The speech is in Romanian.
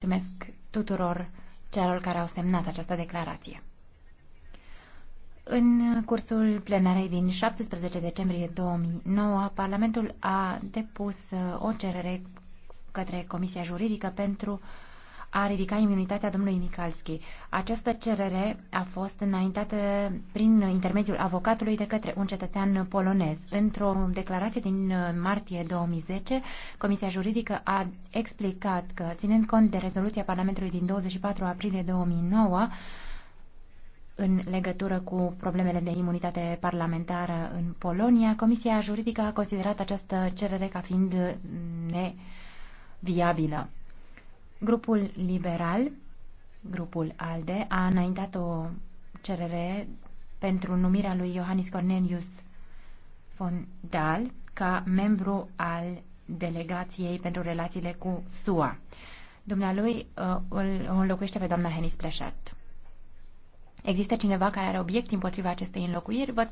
Mulțumesc tuturor celor care au semnat această declarație. În cursul plenarei din 17 decembrie 2009, Parlamentul a depus uh, o cerere către Comisia Juridică pentru a ridica imunitatea domnului Michalski. Această cerere a fost înaintată prin intermediul avocatului de către un cetățean polonez. Într-o declarație din uh, martie 2010, Comisia Juridică a explicat că, ținând cont de rezoluția Parlamentului din 24 aprilie 2009, în legătură cu problemele de imunitate parlamentară în Polonia, Comisia Juridică a considerat această cerere ca fiind neviabilă. Grupul liberal, grupul ALDE, a înaintat o cerere pentru numirea lui Johannes Cornelius von Dahl ca membru al delegației pentru relațiile cu SUA. Dumnealui uh, îl înlocuiește pe doamna Henis Pleșat. Există cineva care are obiect împotriva acestei înlocuiri? Văd că